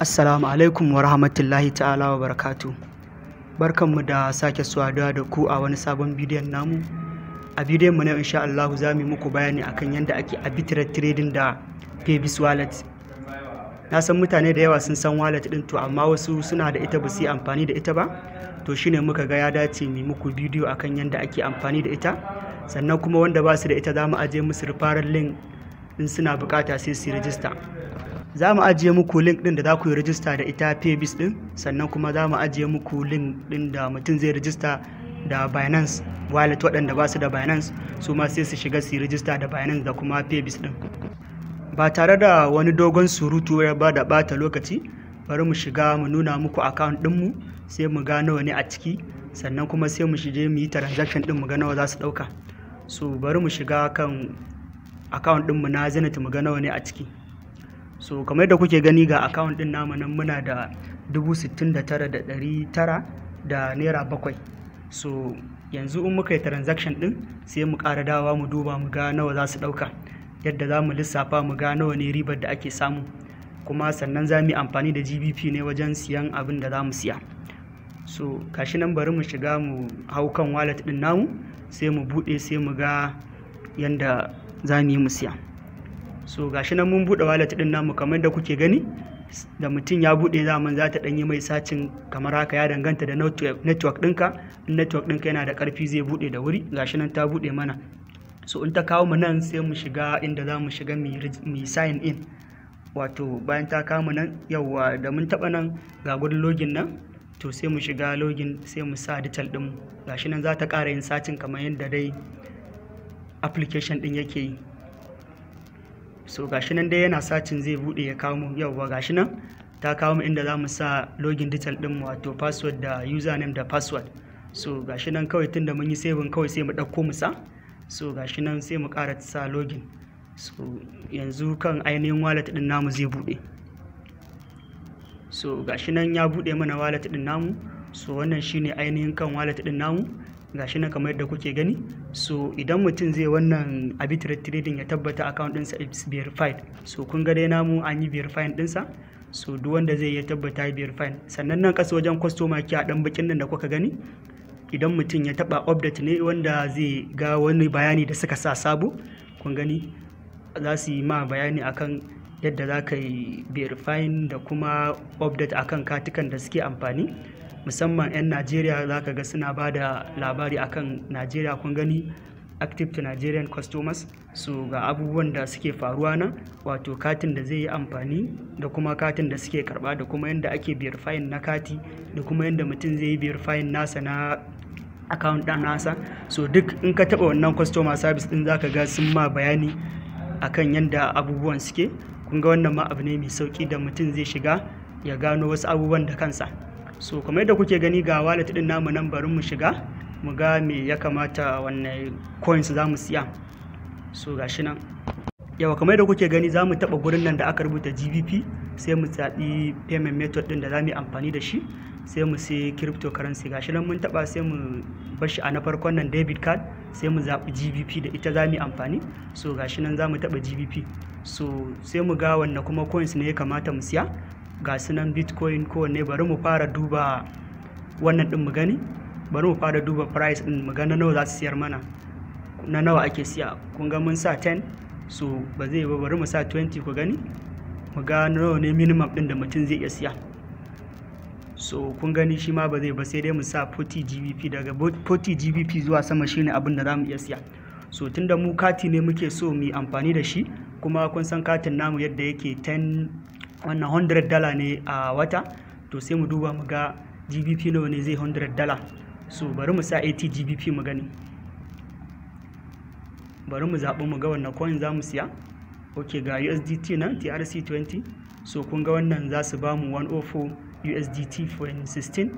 Assalamu alaikum wa rahmatullahi ta'ala wa barakatu. Barkanmu da sake saduwa da ku a wani sabon bidiyon namu. A bidiyon mu na insha Allah za mu muku bayani akan yadda ake arbitrary trading da Pebis wallet. Na san mutane da yawa sun san wallet din to amma wasu suna da ita ba su yi amfani da ita ba. To shine muka ga ya dace mu muku bidiyo akan yadda ake amfani da ita. Sannan kuma wanda ba su da ita za mu aje musu referral link in suna bukata sai su rijista. za mu ajiye muku link din da za ku yi rajista da ita pebis din sannan kuma za mu ajiye muku link din da mutum zai rajista da binance wallet waɗanda ba su da binance su ma sai su shiga su rajista da binance da kuma pebis din ba tare da wani dogon surutu ya ba da bata lokaci bari mu shiga mu nuna muku account ɗinmu sai mu ga nawa ne a ciki sannan kuma sai mu shige mu yi transaction din mu ga nawa za su ɗauka so bari mu shiga kan account mu na zenith mu ga nawa ne a ciki so kamar yadda kuke gani ga account din namu nan muna da 69,900 da naira bakwai so yanzu in muka yi transaction din sai mu ƙara dawa mu duba mu ga nawa za su ɗauka yadda za mu lissafa mu ga nawa ne ribar da ake samu kuma sannan za mu yi amfani da gbp ne wajen siyan abin da za mu siya so kashi nan bari mu shiga mu hau kan wallet din namu sai mu buɗe sai mu ga yadda za mu yi mu siya so gashi nan mun buɗe wallet ɗin namu kamar da kuke gani da mutum ya buɗe zaman za ta ɗan yi mai sacin kamar haka ya danganta da network ɗinka in network ɗinka yana da ƙarfi zai buɗe da wuri gashi nan ta buɗe mana so in ta kawo mu nan sai mu shiga inda za mu shiga mu sign in wato bayan ta kawo mu nan yawa da mun taɓa nan ga gudun login nan to sai mu shiga login sai mu sa detail ɗin gashi nan za ta ƙara yin sacin kamar yadda dai application ɗin yake yi so gashi nan dai yana sacin zai bude ya kawo yauwa gashi nan ta kawo mu inda za mu sa login detail din wato password da username da password so gashi nan kawai tunda mun yi saving kawai sai mu ɗauko mu sa so gashi nan sai mu ta sa login so yanzu kan ainihin wallet din namu zai bude so gashi nan ya bude mana wallet din namu so wannan shine ainihin kan wallet din namu gashi na kamar yadda kuke gani so idan mutum zai wannan arbitrage trading ya tabbata account ɗinsa is verified so kun ga dai namu an yi verifying ɗinsa so duk wanda zai ya tabbata ya verifying sannan nan kasa wajen customer a dan bakin nan da kuka gani idan mutum ya taba update ne wanda zai ga wani bayani da suka sa sabo kun gani za su yi ma bayani akan yadda za ka yi verifying da kuma update akan katukan da suke amfani musamman 'yan najeriya za ka ga suna ba da labari akan najeriya kun gani active to nigerian customers su ga abubuwan da suke faruwa nan wato katin da zai yi amfani da kuma katin da suke karba da kuma yadda ake verifying na kati da kuma yadda mutum zai yi verifying nasa na account ɗan nasa so duk in ka taɓa wannan customer service ɗin zaka ga sun ma bayani akan yadda abubuwan suke kun ga wannan ma abu ne mai sauƙi da mutum zai shiga ya gano wasu abubuwan da kansa so kamar yadda kuke gani ga wallet din namu nan mu shiga mu ga me ya kamata wannan coins za mu siya so gashi nan yawa kamar yadda kuke gani za mu taɓa gurin nan da aka rubuta gbp sai mu zaɓi payment method din da za mu yi amfani da shi sai mu sai cryptocurrency gashi nan mun taɓa sai mu bar shi a na farkon nan debit card sai mu zaɓi gbp da ita za mu yi amfani so gashi nan za mu taɓa gbp so sai mu ga wanne kuma coins ne ya kamata mu siya ga su nan bitcoin kowanne bari mu fara duba wannan din mu gani bari mu fara duba price din mu gani nawa za su siyar mana na nawa ake siya kun ga mun sa 10 so ba zai ba bari mu sa 20 ku gani mu ga nawa ne minimum din da mutum zai iya siya so kun gani shi ma ba zai ba sai dai mu sa 40 gbp daga 40 gbp zuwa sama shine abin da zamu iya siya so tunda mu kati ne muke so mu amfani da shi kuma kun san katin namu yadda yake 10 wannan 100 dala ne a wata to sai mu duba mu ga gbp nawa ne zai 100 dala so bari mu sa 80 gbp mu gani bari mu zaɓi mu ga wannan coin za mu siya ok ga usdt nan trc20 so kun ga wannan za su ba mu 104 16,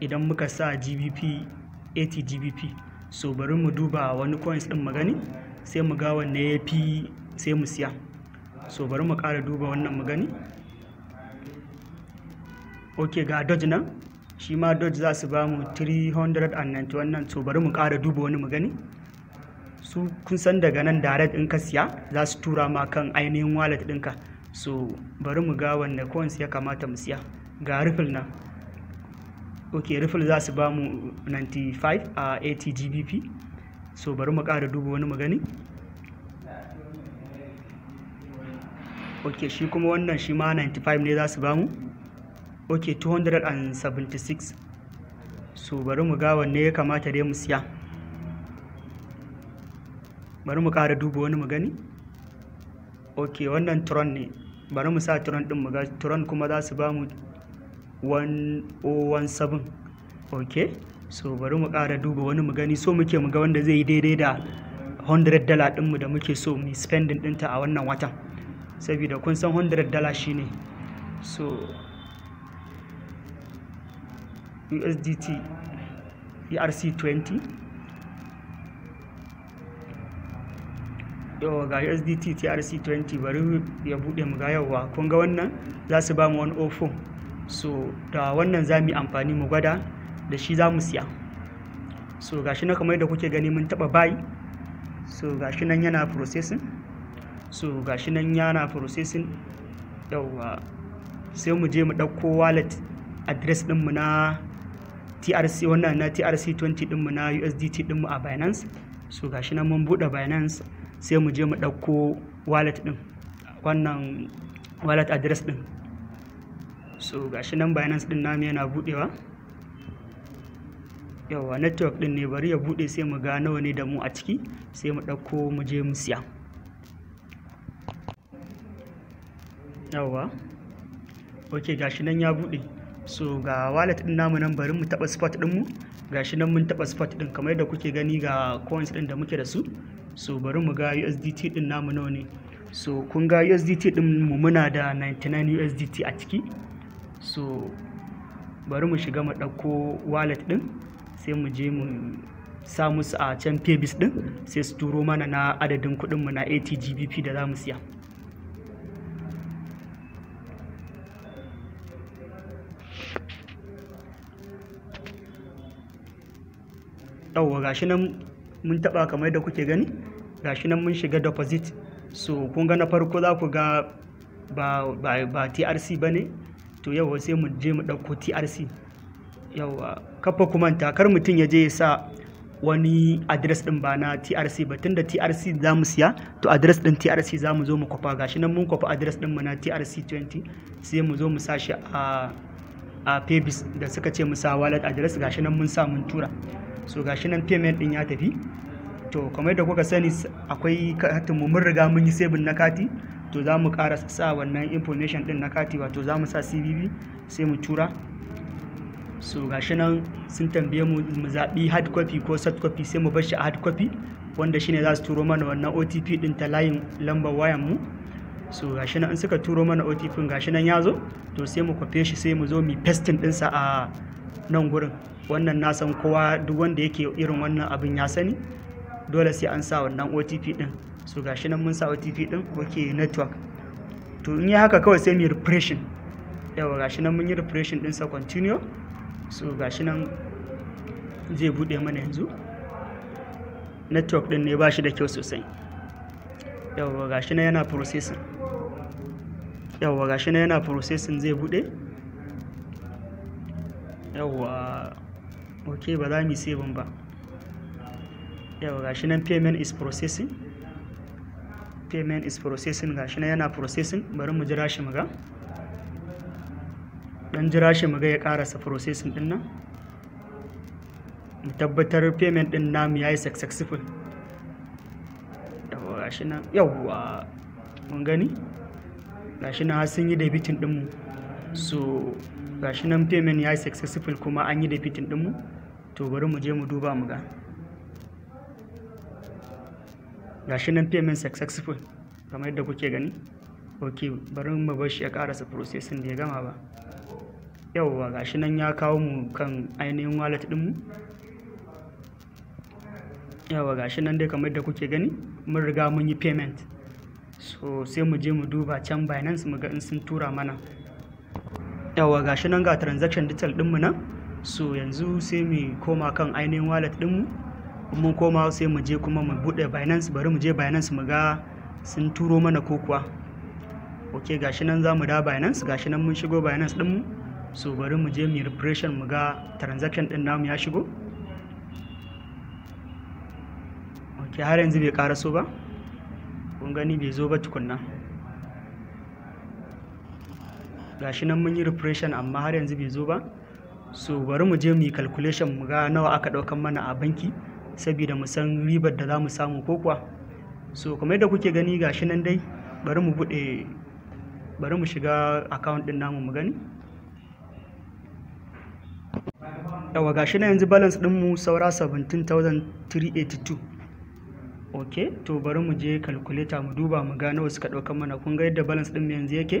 idan muka sa gbp 80 gbp so bari mu duba wani coins din gani, sai mu ga wanne ya fi sai mu siya so bari mu ƙara duba wannan mu gani. ok ga dodge nan shi ma dodge za su ba mu 390 wannan to bari mu kara duba wani mu gani su kun san daga nan direct in ka siya za su tura ma kan ainihin wallet ɗinka so bari mu ga wanne coins ya kamata mu siya ga ripple nan ok ripple za su ba mu 95 a 80 gbp so bari mu kara duba wani mu gani ok shi kuma wannan shi ma 95 ne za su ba mu ok 276 so bari mu ga wanne ya kamata dai mu siya bari mu ƙara duba wani mu gani ok wannan tron ne bari mu sa tron ɗin mu ga tron kuma za su ba mu 1017 ok so bari mu ƙara duba wani mu gani so muke mu ga wanda zai yi daidai da 100 dala mu da muke so mu spending ta a wannan watan saboda kun san 100 dala shine so USDT ERC20 yawa ga USDT TRC20 bari ya bude mu ga yawa kun ga wannan za su ba mu 104 so da wannan za mu yi amfani mu gwada da shi za mu siya so gashi na kamar da kuke gani mun taba buy so gashi nan yana processing so gashi nan yana processing yawa sai mu je mu ɗauko wallet address ɗinmu na trc wannan na trc 20 dinmu na usdt dinmu a binance so gashi nan mun buɗe binance sai mu je mu dauko wallet din wannan wallet address din so gashi nan binance din namu yana buɗewa yawa network din ne bari ya buɗe sai mu ga nawa ne da mu a ciki sai mu dauko mu je mu siya yawa ok gashi nan ya buɗe so ga wallet din namu nan bari mu taba spot din mu gashi nan mun taba spot din kamar yadda kuke gani ga coins din da muke da su so bari mu ga USDT din namu nawa ne so kun ga USDT din mu muna da 99 USDT a ciki so bari mu shiga mu ɗauko wallet din sai mu je mu sa musu a can pebis din sai su turo mana na adadin kuɗin mu na ATGBP da za mu siya yawwa gashi nan mun taba kamar da kuke gani gashi nan mun shiga deposit so kun ga na farko za ku ga ba, trc ba ne to yawwa sai mu je mu ɗauko trc yawwa kafa kuma takar mutum ya je ya sa wani adres din ba na TRC ba tunda TRC za mu siya to adres ɗin TRC za mu zo mu kwafa gashi nan mun kwafa adres din mu na TRC 20 sai mu zo mu sa a Pebis da suka ce mu sa wallet adres gashi nan mun sa mun tura so gashi nan payment din ya tafi to kamar da kuka sani akwai katin mu mun riga mun yi saving na kati to za mu ƙara sa wannan information din na kati wato za mu sa cvv sai mu tura so gashi nan sun tambaye mu mu zaɓi hard copy ko soft copy sai mu bar shi a hard copy wanda shine za su turo mana wannan otp din ta layin lambar wayan mu so gashi nan in suka turo mana otp gashi nan ya zo to sai mu kwafe shi sai mu zo mu pasting ɗinsa a nan gurin wannan na san kowa duk wanda yake irin wannan abin ya sani dole sai an sa wannan otp din su gashi nan mun sa otp din wake network to in yi haka kawai sai mai yi yawa gashi nan mun yi repression din sa continue su gashi nan zai bude mana yanzu network din ne ba shi da kyau sosai yawa gashi nan yana processing yawa gashi nan yana processing zai bude yawwa ok ba za mu yi saving ba yawwa gashi nan payment is processing payment is processing ga shi nan yana processing bari mu jira shi muga dan jira shi muga ya karasa processing din nan mu tabbatar payment din namu yayi successful yawwa gashi nan yawwa mun gani ga shi nan sun yi debiting din mu so gashi nan payment ya yi successful kuma an yi da fitin dinmu to bari mu je mu duba mu ga gashi nan payment successful kamar yadda kuke gani ok bari mu bar shi ya karasa processing da ya gama ba yauwa gashi nan ya kawo mu kan ainihin wallet ɗinmu yawa gashi nan dai kamar yadda kuke gani mun riga mun yi payment so sai mu je mu duba can binance mu ga in sun tura mana yawa gashi nan ga transaction detail dinmu nan so yanzu sai mu koma kan ainihin wallet kuma mun koma sai mu je kuma mu bude binance bari mu je binance mu ga sun turo mana ko kuwa ok gashi nan za mu da binance gashi nan mun shigo binance dinmu so bari mu je mu repression mu ga transaction din namu ya shigo ok har yanzu bai karaso ba kun gani bai zo ba tukunna gashi nan mun yi refreshen amma har yanzu bai zo ba so bari mu je mu yi calculation mu ga nawa aka ɗaukan mana a banki saboda mu san ribar da za mu samu ko kuwa so kamar yadda kuke gani gashi nan dai bari mu bude bari mu shiga account ɗin namu mu gani yawa gashi nan yanzu balance mu saura 17,382 ok to bari mu je calculator mu duba mu ga nawa suka ɗaukan mana kun ga yadda balance ɗin yanzu yake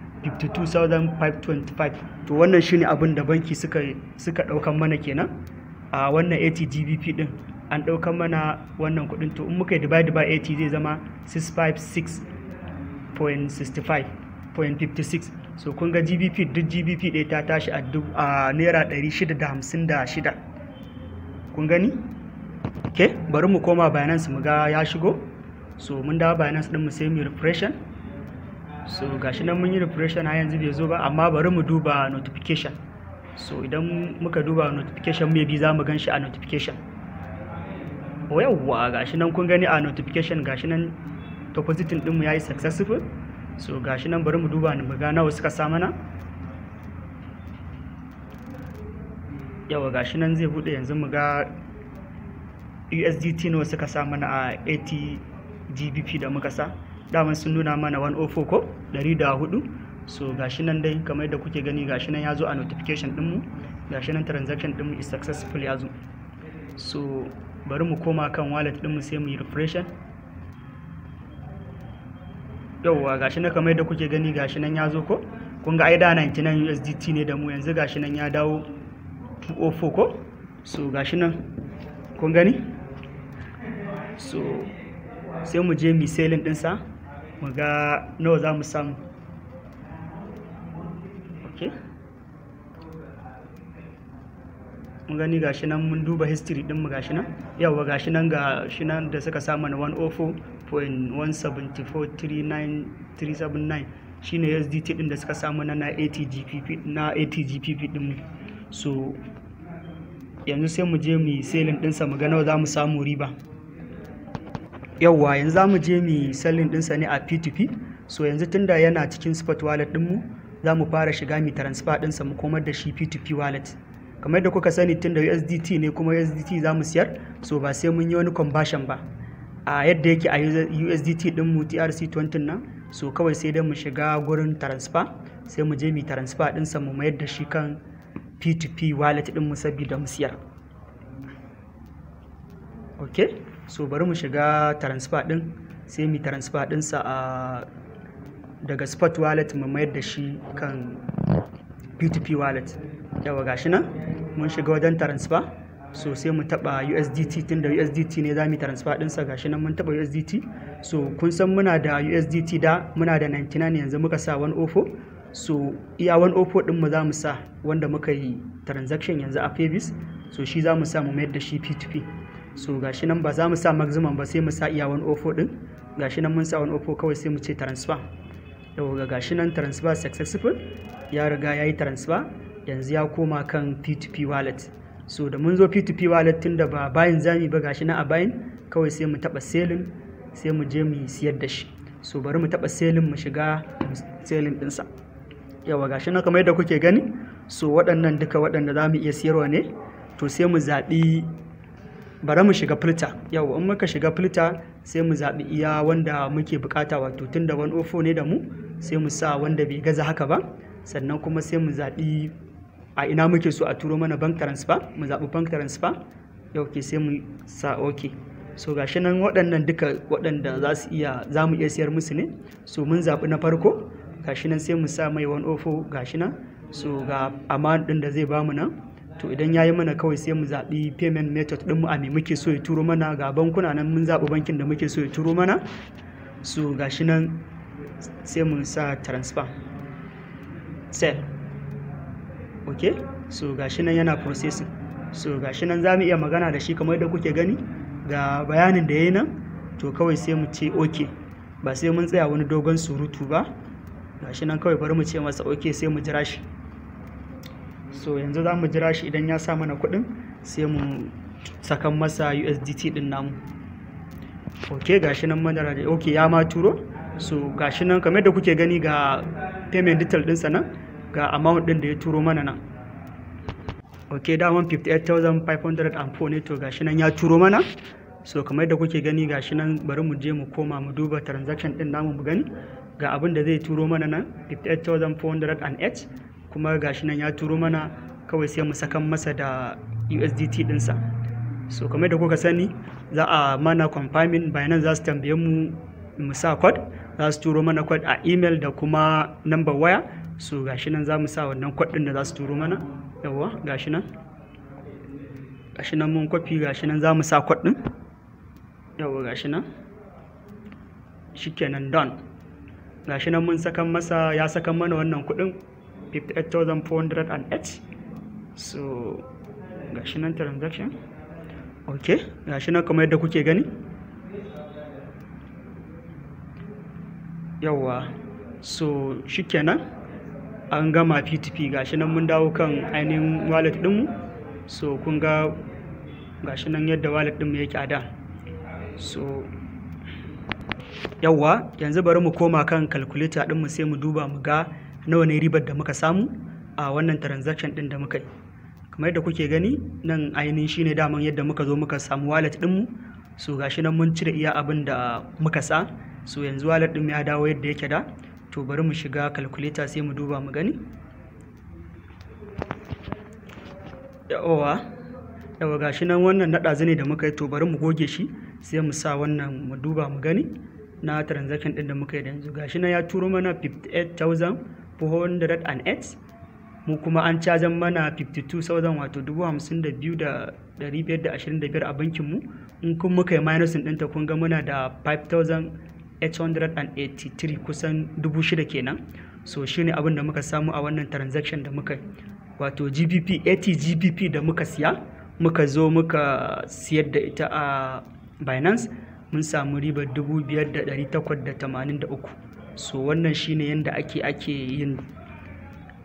52,525 to wannan shine abin da banki suka suka daukan mana kenan a wannan 80 gbp din an daukan mana wannan kudin to in muka divide by 80 zai zama 656.65.56 so kun ga gbp duk gbp ɗaya ta tashi a naira 656 kun gani ok bari mu koma binance mu ga ya shigo so mun dawo binance din mu sai mu refreshen so gashi nan mun yi refreshen har yanzu bai zo ba amma bari mu duba notification so idan muka duba notification maybe za mu gan shi a notification oh, yawwa gashi nan kun gani a notification gashi nan depositin dinmu ya yi successful so gashi nan bari mu duba ni mu ga wasu ka sa mana yawa gashi nan zai bude yanzu mu ga USDT na wasu sa mana a 80 GBP da muka sa daman sun nuna mana 104 ko 104 so gashi nan dai kamar yadda kuke gani gashi nan ya zo a notification ɗinmu gashi nan transaction mu is successful ya zo so bari mu koma kan wallet mu sai mu yi refreshen yauwa gashi nan kamar yadda kuke gani gashi nan ya zo ko kun ga aida 99 usdt ne da mu yanzu gashi nan ya dawo 204 ko so gashi nan kun gani so sai mu je misalin sa mu ga nawa za mu samu ok mun gani shi nan mun duba history din mu shi nan yawa shi nan ga shi nan da suka samu na 104.17439 shine USDT din da suka samu na 80 GPP na 80 GPP din so yanzu sai mu je mu yi selin dinsa mu ga nawa za mu samu riba yawwa yanzu za mu je mu sallin ɗinsa ne a p2p so yanzu tunda yana cikin spot wallet ɗinmu za mu fara shiga mu transfer ɗinsa mu komar da shi p2p wallet kamar da kuka sani tunda usdt ne kuma usdt za mu siyar so ba sai mun yi wani conversion ba a yadda yake a usdt ɗinmu trc20 nan so kawai sai dai mu shiga gurin transfer sai mu je mu transfer ɗinsa mu mayar da shi kan p2p wallet ɗinmu saboda mu siyar okay so bari mu shiga transfer din sai mu transfer sa a daga spot wallet mu mayar da shi kan p2p wallet yawa gashi nan mun shiga wajen transfer so sai mu taba USDT tunda USDT ne za mu transfer sa gashi nan mun taba USDT so kun san muna da USDT da muna da 99 yanzu muka sa 104 so iya 104 din mu za mu sa wanda muka yi transaction yanzu a Pebis so shi za mu sa mu mayar da shi P2P so gashi nan ba za mu sa maximum ba sai mu sa iya wani ofo oh din gashi nan mun sa wani ofo oh kawai sai mu ce transfer yau ga gashi nan transfer successful ya riga ya yi transfer yanzu ya koma kan p2p wallet so da mun zo p2p wallet tun da ba bayin zami ba gashi na a bayin kawai sai mu taba selin sai mu je mu siyar da shi so bari mu taba selin mu shiga selin dinsa yawa gashi nan kamar yadda kuke gani so waɗannan duka waɗanda za mu iya siyarwa ne to sai mu zaɓi Bara mu shiga filta yau in muka shiga filta sai mu zaɓi iya wanda muke bukata wato tun da 104 ne da mu sai mu sa wanda bai gaza haka ba sannan kuma sai mu zaɓi a ina muke so a turo mana bank transfer mu zaɓi bank transfer yau ke sai mu sa ok so gashi nan waɗannan duka waɗanda za su iya za mu iya siyar musu ne so mun zaɓi na farko gashi nan sai mu sa mai 104 gashi nan so ga amount ɗin da zai bamu nan to idan ya yi mana kawai sai mu zaɓi payment method ɗinmu a me muke so ya turo mana ga bankuna nan mun zaɓi bankin da muke so ya turo mana so shi nan sai mun sa transfer sell ok so shi nan yana processing so shi nan za mu iya magana da shi kamar da kuke gani ga bayanin da ya yi nan to kawai sai mu ce ok ba sai mun tsaya wani dogon surutu ba ga shi nan kawai bari mu ce masa ok sai mu jira shi so yanzu za mu jira shi idan ya sa mana kuɗin sai mu sakan masa usdt din namu ok gashi nan madara da ok ya ma turo so gashi nan kamar da kuke gani ga payment detail dinsa nan ga amount ɗin da ya turo mana nan ok da 158,504 ne to gashi nan ya turo mana so kamar da kuke gani gashi nan bari mu je mu koma mu duba transaction din namu mu gani ga abin da zai turo mana nan 58,408 kuma gashi nan ya turo mana kawai sai mu sakan masa da usdt dinsa so kamar da kuka sani za a mana confirming bayanan za su tambaye mu mu sa code za su turo mana code a email da kuma number waya so gashi nan za mu sa wannan code din da za su turo mana yawa gashi nan gashi nan mun kwafi gashi nan za mu sa code din yawa gashi nan shikenan done gashi nan mun sakan masa ya sakan mana wannan kuɗin 58408 so ga shi nan transaction ok shi nan kamar yadda kuke gani yawa so shikenan an gama p2p gashi nan mun dawo kan ainihin wallet dinmu so kun ga ga shi nan yadda wallet dinmu yake a da so yawa yanzu bari mu koma kan calculator dinmu sai mu duba mu ga nawa ne ribar da muka samu a wannan transaction ɗin da muka yi kamar yadda kuke gani nan ainihin shine daman yadda muka zo muka samu wallet ɗinmu so gashi nan mun cire iya abin da muka sa so yanzu wallet ɗin ya dawo yadda yake da to bari mu shiga calculator sai mu duba mu gani yawa yawa gashi nan wannan naɗazu ne da muka yi to bari mu goge shi sai mu sa wannan mu duba mu gani na transaction ɗin da muka yi da yanzu gashi nan ya turo mana 58000 408 mu kuma an cazan mana 52,000 wato 52,525 a bankinmu in kun muka yi minusin ɗinta kun ga muna da 5,883 kusan 6,000 kenan so ne abin da muka samu a wannan transaction da muka wato gbp 80 gbp da muka siya muka zo muka siyar da ita a binance mun samu ribar 5,883 so wannan shine yadda ake ake yin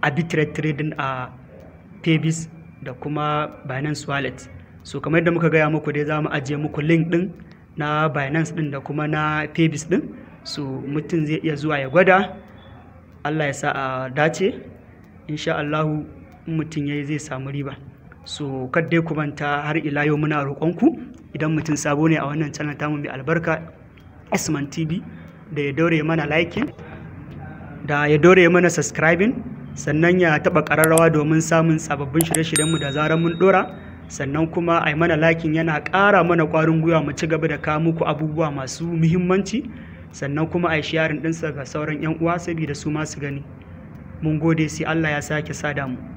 arbitrary trading a pebis da kuma binance wallet so kamar yadda muka gaya muku dai za mu ajiye muku link din na binance din da kuma na pebis din so mutum zai iya zuwa ya gwada allah ya sa a dace insha allahu mutum ya zai samu riba so dai ku manta har ila yau muna roƙonku idan mutum sabo ne a wannan channel tamu mai albarka Asman TV da ya dore mana liking da ya dore mana subscribing sannan ya taɓa kararrawa domin samun sababbin shirye-shiryenmu da zarar mun ɗora sannan kuma a mana lakin yana ƙara mana ƙwarin gwiwa mu ci gaba da kawo muku abubuwa masu muhimmanci sannan kuma a yi sharing ɗinsa ga sauran 'yan uwa saboda su masu gani mun gode sai allah ya sake sada mu